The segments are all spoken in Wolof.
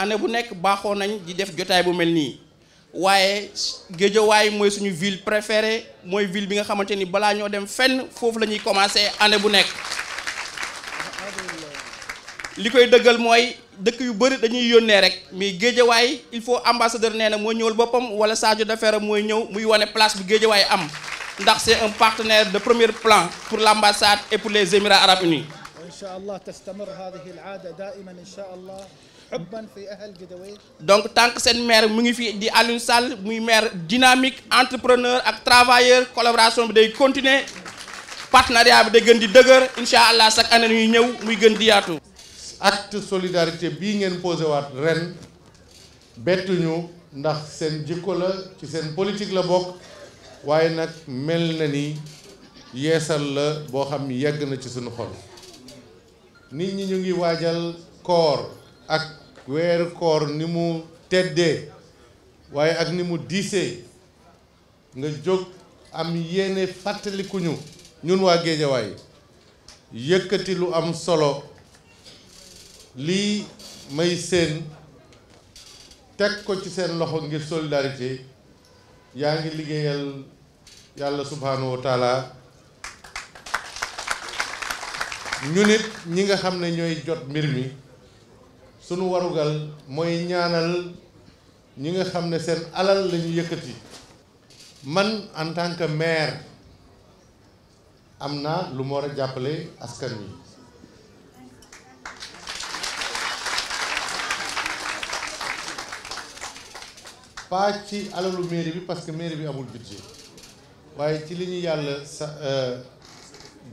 année bu nekk baaxoo nañ di def jotaay bu mel nii waaye Guédiawaye mooy suñu ville préférée mooy ville bi nga xamante ni balaa ñoo dem fenn foofu la ñuy commencer année bu nekk li koy dëggal mooy dëkk yu bëri dañuy yónnee rek mais géejawaay il faut ambassadeur nee na mooy ñëwal boppam wala Sadio Dafera mooy ñëw muy wane place bu Guédiawaye am ndax c'est un partenaire de premier plan pour l'ambassade et pour les Émirats arabes unis donc tant que cette maire mu fi di Alioune Sal, maire dynamique entrepreneur ak travailleur collaboration bi continuer partenariat de day gën di chaque année ñuy ñëw muy gën di acte solidarité bien imposé, posé waat ren bettuñu ndax seen jikko la ci politique la bokk. waaye nag mel na ni yeesal la boo xam yegg na ci sunu xol nit ñi ñu ngi waajal koor ak weeru koor ni mu teddee waaye ak ni mu diisee nga jóg am yéene fàttalikuñu ñun waa Géejawaay yëkkati lu am solo lii may seen teg ko ci seen loxo ngir solidarité yaa ngi liggéeyal yàlla subhaanahu wa ñu nit ñi nga xam ne ñooy jot mbir mi sunu warugal mooy ñaanal ñi nga xam ne seen alal lañu yëkkati man en tant que maire am na lu ma war a jàppale askan wi pas ci alalu mairie bi parce que mairie bi amul budget waaye ci li ñu yàlla sa euh,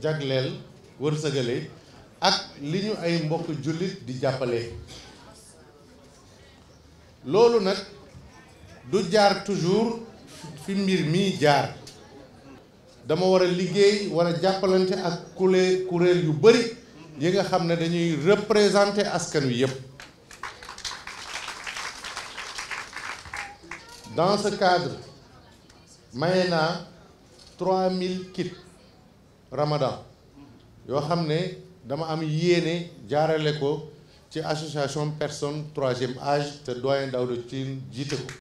jagleel wërsëgale ak li ñu ay mbokk jullit di jàppale loolu nag du jaar toujours fi mbir mii jaar dama war a liggéey war a jàppalante ak kule kuréel yu bari yi nga xam ne dañuy représenter askan wi yépp dans cadre maye naa 3000 kits ramadan yoo xam ne dama am yéene jaarale ko ci association personne troisième âge te doyen Daouda Tine jiite ko